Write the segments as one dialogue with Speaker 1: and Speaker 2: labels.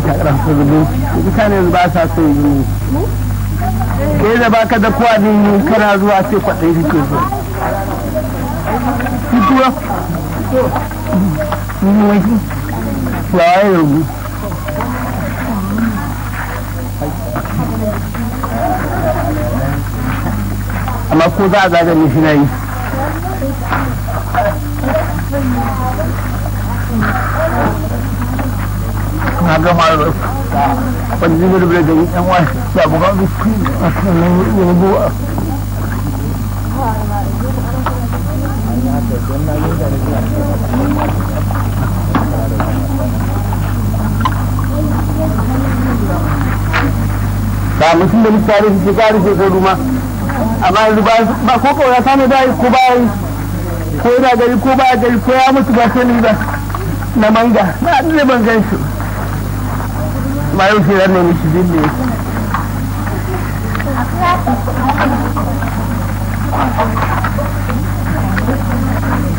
Speaker 1: shakararsu gudu mutane ba sa so yi kai da baka da kowa ne kana zuwa sai kwaɗai suke so fituwa ni wani waye rubu amma ko za a zaga ne shi na na gama wani da yan wani ya buga biki a sanar yin buwa ba mutum da mutane suke kare ke ko duma amma yanzu ba ko kaura ta ne ko bai ko yana gari ko baya gari ko ya mutu ba sai ni ba na manga na ban gan shi malam firar ne mishi bin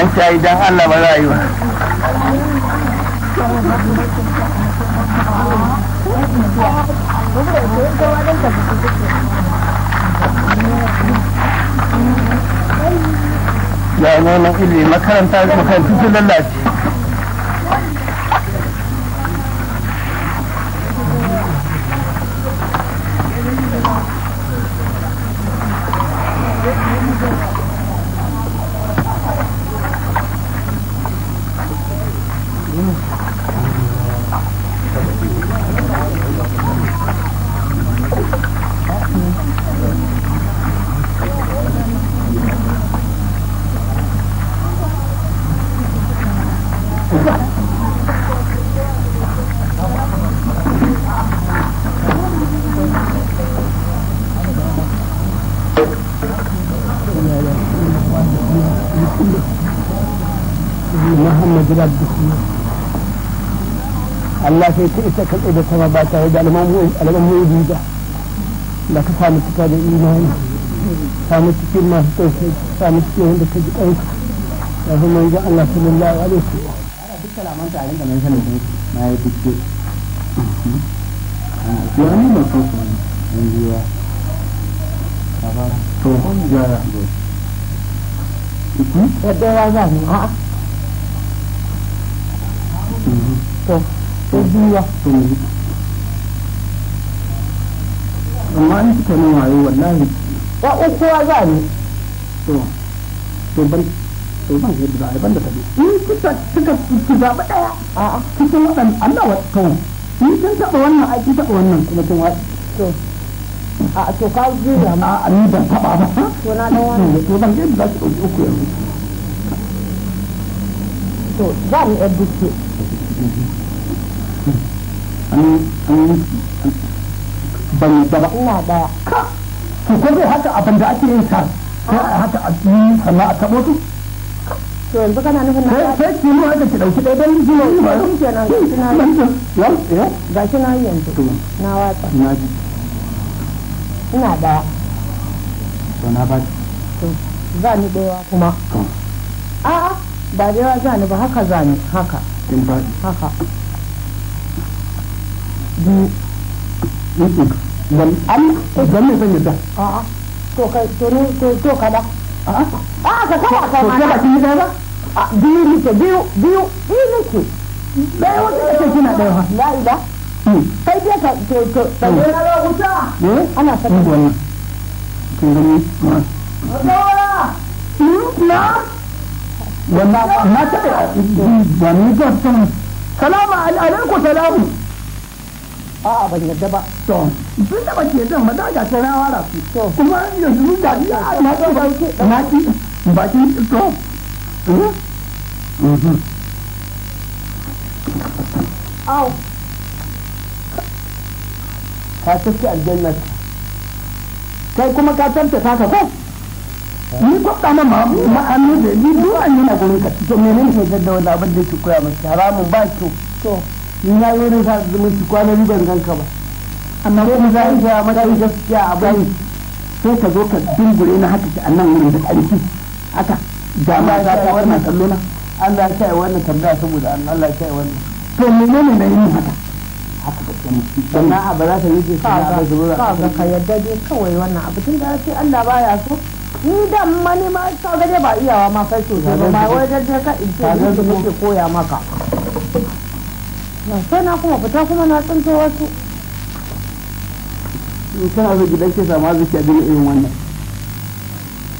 Speaker 1: an ce ai dan Allah ba za a yi ba ya ne na ilimi makaranta makarantu sun lalace wallahi ta ita ka tsaye da sama ba tare da alamun ba da ka samu cika da imani samu cikin masu tausayi samu cikin wanda ka ji ɗanka da kuma manzon Allah sallallahu alaihi duk kalaman ta da nan sanin na yi ya to kun yadda ya za mhm. to ko giwa to mu amma an suka nan wayo wallahi ya ukuwa za ni to to ban to ban yadda za a ban da tabi in kuka kuka ku zaɓi ɗaya a cikin waɗanda Allah wa kawai in kin taɓa wannan a kin taɓa wannan kuma kin wa to a to ka ji da ma a ni ban taɓa ba to na dan wani to ban yadda za ki ɗauki uku yanzu to za mu yadda ce bai gaba ina daya to ko zai haka abin da ake yin sa sai a haka a yi sannan a tabo su to yanzu kana nufin na sai ki mu haka ki dauki dai dan ji ne ba shi kenan gashi na yanzu gashi na yanzu na watsa na ji ina daya to na ba to za ni daya kuma a'a ba da yawa za ni ba haka za ni haka haka ji dan an dan ne zan yadda to ka ba biyu biyu biyu biyu wata kina ha hmm. kai ka ke hmm. gani ma hmm, na wannan ta ba ni ga salamu alaikum salamu a a ban yadda ba to sun taba ke zan ba za ga ce na wara su kuma yanzu mun ga ya a na ga ba na ki ba ki to hmm? mhm. au ka tafi aljanna kai kuma ka tanta saka ko ni ko ka ma ma ma ma'anu da ni duwa duwan na gurin ka to menene ne da daddawa abin da ke koya masa haramun ba ki to ni na zo ne sa zumunci kwanani ban ganka ba amma kuma za a yi sa mata yi gaskiya a bayi sai ka zo ka dingure na haka ki annan wurin da ƙarfi haka da ma za ta wannan kallo na Allah ya kai wannan tambaya saboda Allah ya kai wannan to menene ne yin haka haka ba ke mutu sannan a ba za ta yi ke sana ba zuwa ka ga ka yadda dai kawai wannan abu tun da sai Allah baya so ni da ma ne ma ka ga ba iyawa ma kai sosai ba ma wai dai ka in ce ni ke koya maka sai na kuma fita kuma na tsinto kana zai gidan sama a irin wannan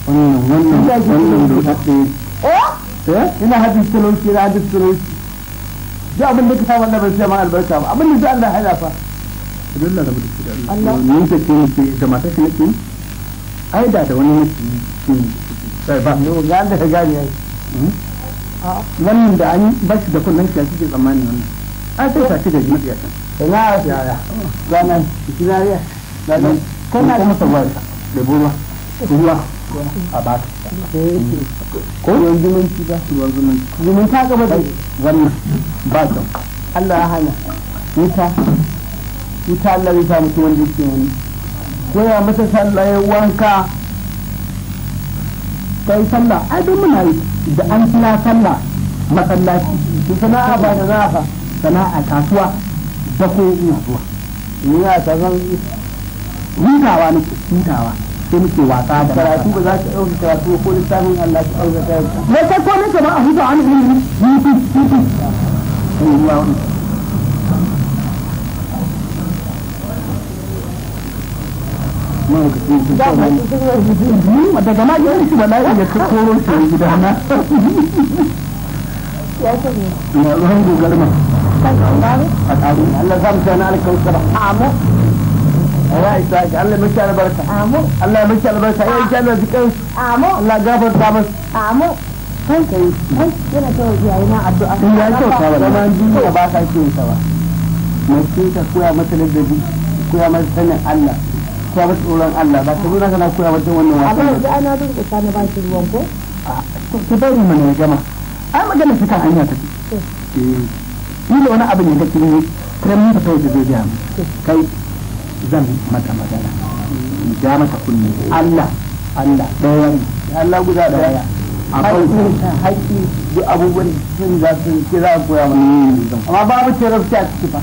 Speaker 1: wannan wannan wannan da haɗe eh na da ka wannan bai sai ma albarka ba abin da zai Allah fa da shi da Allah ne da ne ai da da wani ne ga da hmm? ah. da an bashi da kullun shi ake tsammani wannan a sai ka ci da jiya kan ina ya ya ba nan ki na ya da nan kana da masa ba da ruwa ruwa a ba ko ruwan zumunci ba ruwan zumunci zumunta gaba da wannan ba ka Allah ya hana wuta wuta Allah ya samu mutum wanda yake wani ko ya mata sallah ya wanka kai sallah ai don muna yi da an kira sallah masallaci sana'a ba da za sana'a kasuwa da ko ina zuwa ni ya sanan hutawa nake hutawa sai muke wasa da karatu ba za ka dauki karatu ko littafin Allah ki auza ta ne sai ko ba a huta an ni ni ni ni ya daga yi ya koro gida na ya ce ne ma a tsari Allah za mu sa na amu ya sa ga Allah miki albarka amu Allah miki albarka ya insha Allah zikin amu Allah gafarta masa amu kai kai kai yana ta yayi na addu'a ya kyauta ba da man ba ka ba mace ta koya mata ladabi koya mata sanin Allah koya mata tsoron Allah ba ta zo kana koya mata wannan wasan ana ba shi ruwan ko bari mana ya gama ai magana su kan hanya eh. ni da wani abin ya ga kire mun da kai zan mata magana ja mata kunne Allah Allah daya ne Allah guda daya akwai haƙƙi duk abubuwan sun za su kira koya mana mm. amma babu tarafci a ciki ba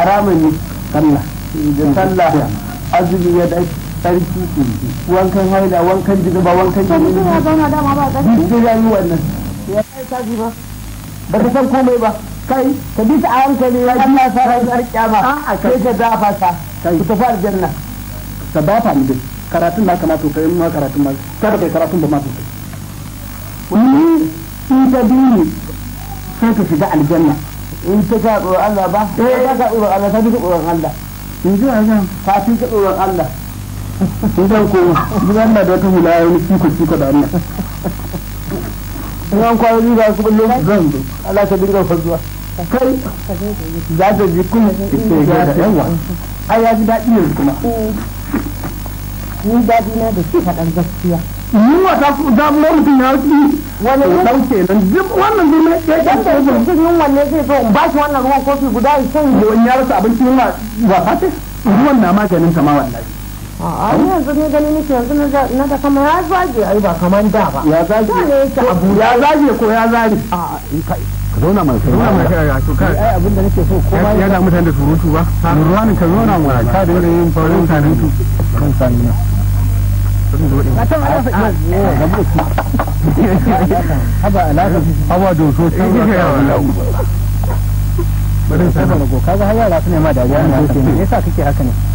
Speaker 1: ne sallah da sallah azumi ya da sarki mm. wankan haida wankan jinuba wankan jinuba duk da yi wannan ya kai tashi ba ba ka san komai ba kai ka bi ta a hankali ya ji ya fara zuwa kyama sai ka dafa ka ku tafi janna ka dafa ni dai karatun na kamata kai ma karatun ma kada kai karatun ba ma wani in ta bi ni sai ka shiga aljanna in ta ka tsoron Allah ba sai eh. ka ka tsoron Allah ta bi tsoron Allah in ji a zan ka fi ka tsoron Allah in zan koma da wata hula ya wani siko siko da Allah in an kwana biyu ba su bullo zan zo Allah ta dinga fazuwa kai za ta ji ta yawa ai ya ji daɗi kuma eh, ni daɗi na da shi faɗar gaskiya wata da mu mutum ya ci wani dan kenan duk wannan dole ya ta ce mutum yin wanne zai zo in ba shi wannan ruwan kofi guda ya sanya ya rasa abinci yin wasa ce ruwan na maganin ta ma wallahi a yanzu ne gani nake yanzu na da kama ya zage ai ba kaman da ba ya zage ne yake abu ya zage ko ya zare a kai ka zauna mai ka zauna mai kai to kai ai abinda da nake so ko ba ya da mutane da surutu ba ruwan ka zauna mai ka da yin farin sanin tu kan sanin na haba alaƙa haba doso ta yi ya wala bari sai ba ko kaga har yara su ne ma dariya ne yasa kake haka ne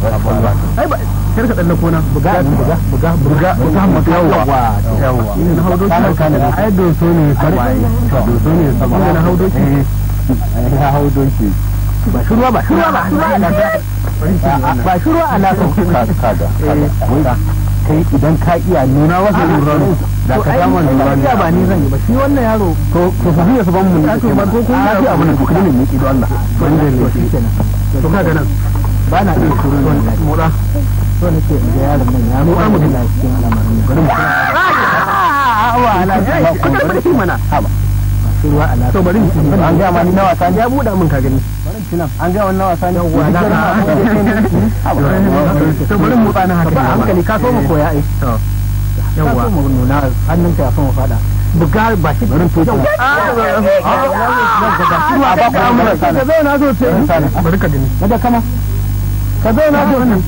Speaker 1: ai ba kar ka danna kona buga buga buga buga buga makawa yawa ina na haudo shi ai doso ne sai doso ne sama na haudo shi ina haudo ba shirwa ba shirwa ba ba shirwa alaka kaga kaga kai idan ka iya nuna masa luranu da ka samu luranu ya ba ni zan yi ba shi wannan yaro to to fa hiyar su ban mun ne ko kun yi abu ne ku kudin ne ki don Allah to kaga nan ba na iya turo wani ɗaki mura so nake yaron nan ya nuna mu da cikin al'amarin bari mu kula ba kuma barki mana ruwa a to bari an ga ma ni na wasa ya buɗa ka gani an ga wannan wasa ne wa na to bari mu tsana haka ba hankali ka so mu koya ai yawa mu nuna hannunka ya mu fada buga ba shi to a ba ka amura sana bari ka gani daga kama ka zauna da wannan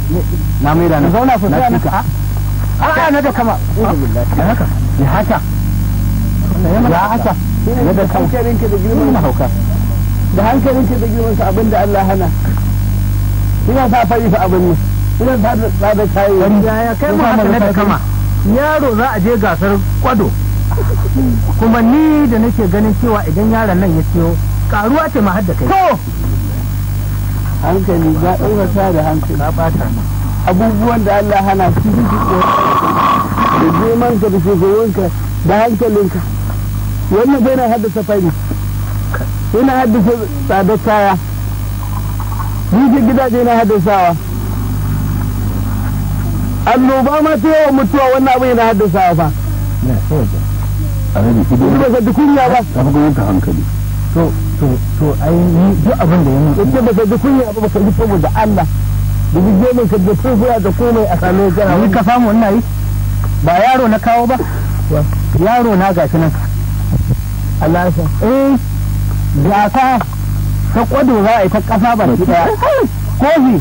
Speaker 1: na mai da na zauna ku sai ka a'a na da kama ya haka ya haka ya haka na da kama hankalinka da girman hauka da hankalin hankalinka da girman sa abinda Allah hana ina sa fari fa abin ne ina sa da tsada kayi wani ya kai mu haka na da kama yaro za a je gasar kwado kuma ni da nake ganin cewa idan yaron nan ya ciyo karuwa ce ma hadda kai hankali ya ɗaukaka da hankali abubuwan da Allah hana su su da girmanka da shugabanka da hankalinka wannan bai na haddasa fari yana haddasa tsadar kaya jirgin gidaje na haddasawa annoba ma ta yawan mutuwa wannan abu yana haddasawa fa ba ka dukunya ba ka hankali to to ai duk abin da yana ita da ka ji kunya abu baka ji saboda Allah da ji gemin ka da tsofiya da komai a salo kana ni ka samu ina yi ba yaro na kawo ba yaro na gashi nan Allah ya eh ga ka ta kwado za a yi ta kasa ba ki daya kofi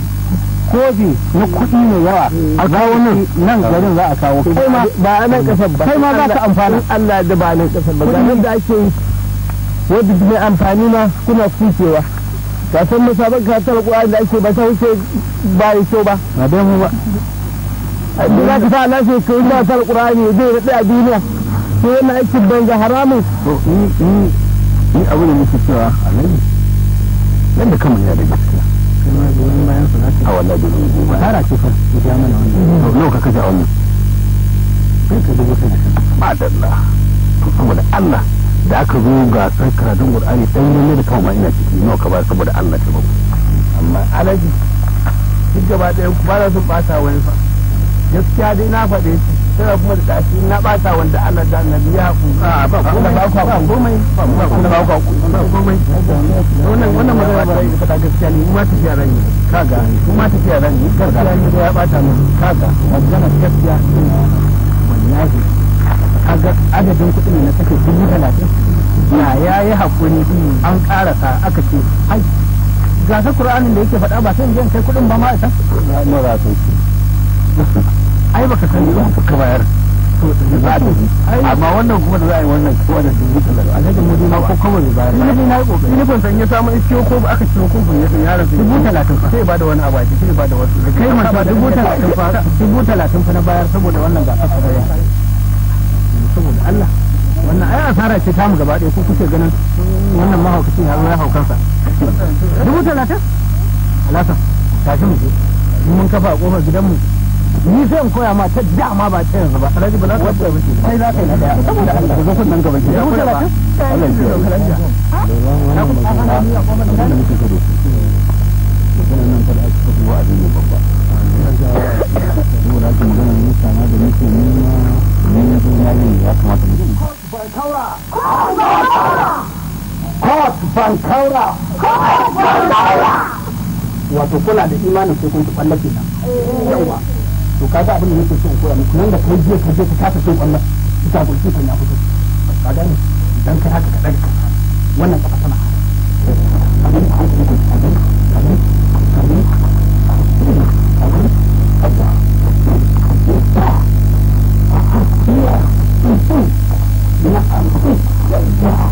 Speaker 1: kofi na kuɗi mai yawa a kawo nan nan garin za a kawo kai ma ba nan kasar ba kai ma za ka amfana. Allah da ba nan kasar ba ga da ake yi wadda mai amfani ma kuna kucewa kasan san musabaka ka tara ƙwari da ake ba ta wuce ba yi kyau ba a dai mu ba yi za ka sa lafi ka yi matar ne zai raɗe a duniya ko yana aikin banza haramun to ni abu da nake cewa a nan da kanmu yana da gaskiya a wallah da zai zuwa tara ce fa ya ja mana wannan nau ka kaja wannan sai ka dubu sai da shi madalla to saboda Allah da aka zo ga tsaka don qur'ani dan ne da kawai ina ciki nawa ka ba saboda Allah ta babu amma alaji duk gaba da ku ba sun bata wani fa gaskiya dai na faɗe shi sai kuma da tashi na bata wanda Allah da annabi ya ku a ba komai ba komai ba ku ba komai wannan wannan magana ba ta faɗa gaskiya ne kuma ta fiya ranni kaga kuma ta fiya ranni gargaɗa ne da ya bata mu kaga magana gaskiya wallahi kaga adadin kuɗin na take dubu talatin na ya yi haƙuri an ƙarasa aka ce ai gasa ƙur'anin da yake faɗa ba sai in kai kuɗin ba ma isa ai baka san yi ba ka bayar amma wannan kuma da za a yi wannan kowa da dubu talatin alhajin mu ma ko kawai bai bayar ni na kokari ni ban san ya samu iske ko ba aka ciro ko ban yasan yaron sai dubu talatin fa sai ba da wani abaji sai ba da wasu kai ma dubu talatin fa dubu talatin fa na bayar saboda wannan ga asara saboda Allah wannan ai asara ce ta mu gaba ɗaya ko kuke ganin wannan mahaukaci ya zo ya haukansa dubu talatin alasan tashi mu je mun kafa a kofar mu ni sai in koya ma ta da ma ba ta yanzu ba alhaji ba za ka koya miki sai za ka yi na daya saboda Allah ga zo kun nan gaba ki dubu talatin Allah ya kiyaye an taura wato kula da imanin sai kun tuɓalla ke nan yawa to ka abin da nake so in koya muku nan da kai jiya ka je ka kasa so kwallon ita gurki kan ya fito ka gane idan kai haka ka ka wannan kafa sana abin da ake yi abin abin abin abin abin Yeah.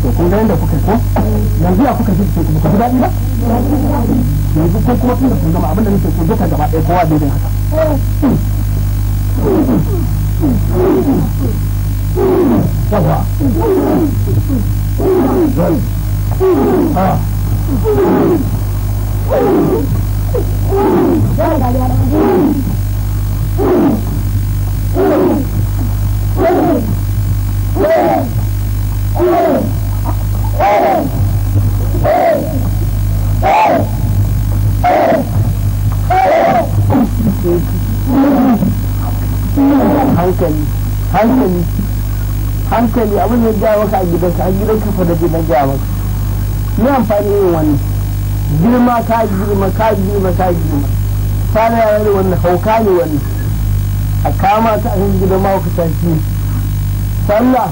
Speaker 1: to kun ga yadda kuka ko yanzu ya kuka shirke ku ji daɗi ba yanzu ko kuma tun kun gama abin da nake so duka gaba ɗaya kowa daidai haka yawa ah gaya maka a gidansa a gidanka fa da gidan gaya maka ni amfani yin wani girma ka girma ka girma ka girma fara yawon wani hauka ne wani a kama ta a gida gidan mahaukata shi sallah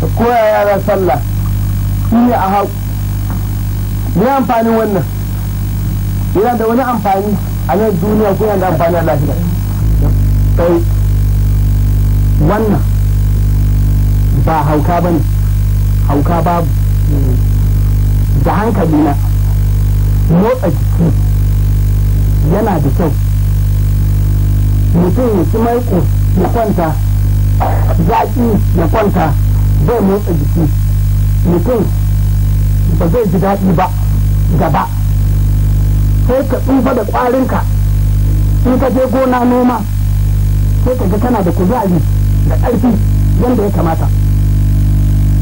Speaker 1: da koya yara sallah shi ne a haku ni amfanin wannan yana da wani amfani a nan duniya ko yana da amfani a lafiya wannan ba hauka ba ne hauka babu mm, da hankali na motsa jiki yana da kyau mutum ya ci maiko ya kwanta zaƙi ya kwanta zai motsa jiki mutum ba zai ji daɗi ba gaba sai ka tsufa da ƙwarinka in ka je gona noma sai ka ga kana da kuzari da ƙarfi yadda ya kamata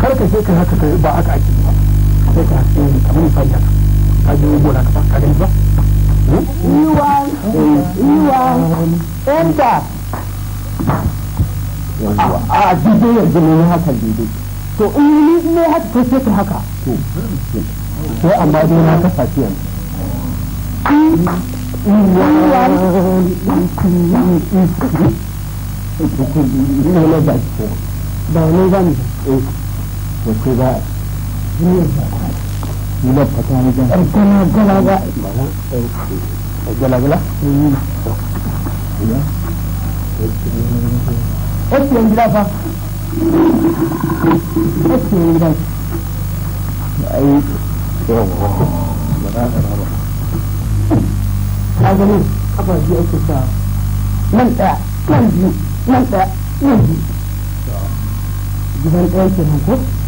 Speaker 1: kar ka sai ka haka ba aka ake ba sai ka haka ne kamar misali haka ka je gona ka ba ka gani ba iwan hmm? iwan enta a daidai yanzu ne haka to in yi ne haka kai sai ka haka to sai amma dai na yanzu eh, وكذا والسباع يلبقان جنب ربنا الجلبة الجلبة لا اسمع الجلافة اسمع الجلافة أي هذا ليه؟ أبغى أجي أكل منفع منفي منفع منفي جبال قيس الهنكوك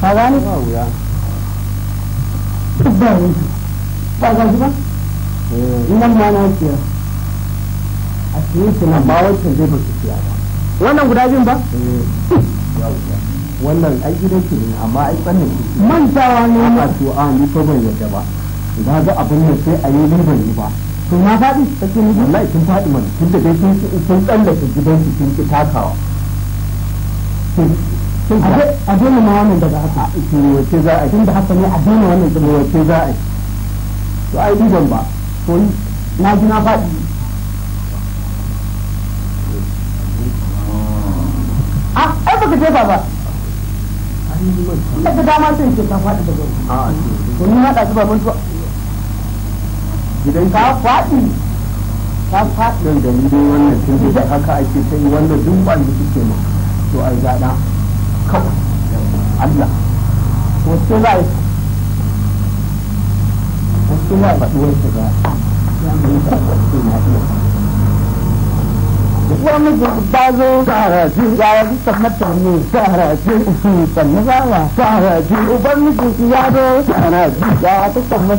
Speaker 1: ka gani ba ne ba ga shi ba eh. nan ma na ce a cikin shi nan ba wancan zai ba su siya ba wannan guda biyun ba eh. wannan ai gidan shi ne amma ai tsanin mantawa ne ba to a ni fa ban yadda ba da ga abin da sai a yi ban yi ba to na faɗi take ni wallahi kin faɗi mana tun da dai sun sun tsallake gidan su kin ki takawa a daina ma wannan daga haka wace za a yi da haka ne a daina wannan daga wace za a yi to ai duban ba to na ji na faɗi a ai baka jefa ba daga dama sai ce ka faɗi daga wani to ni na ɗaci ba mun tuwa idan ka faɗi ka faɗi da ni wannan tun da haka ake sai wannan duk ba da suke ma to ai gaɗa kawai Allah wasu za a yi wasu za a faɗi wasu ba zo saraje ya yi tsammatar ne saraje su sannu zawa saraje uban mijin ya zo saraje ya ne su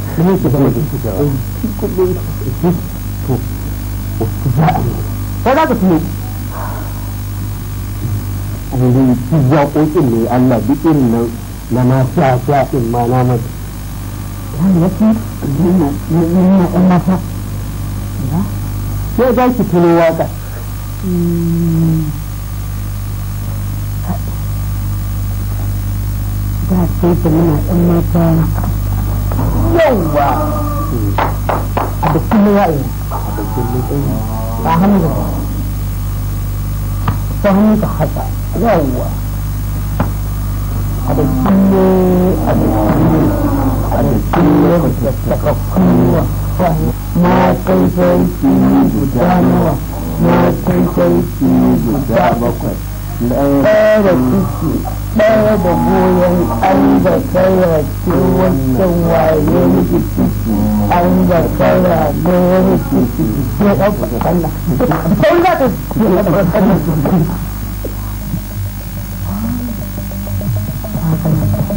Speaker 1: ne ke zama kuɗin to wasu za ka tuno ainihin kizya ne Allah duk irin na na na sha na mata ta yi wasu yana yana ɗan mata sai za ki tuno waƙa hmm. da sai da muna ɗan mata yawwa a dukkan ne ra'ayi a hannun ka ta haka a dukkan ne a dukkan ne a dukkan ne na kai guda nawa na kai guda bakwai ɗaya ciki ɗaya da goyon an da kara ce wancan waye miki ciki an da kara goyon ciki ke ɗauka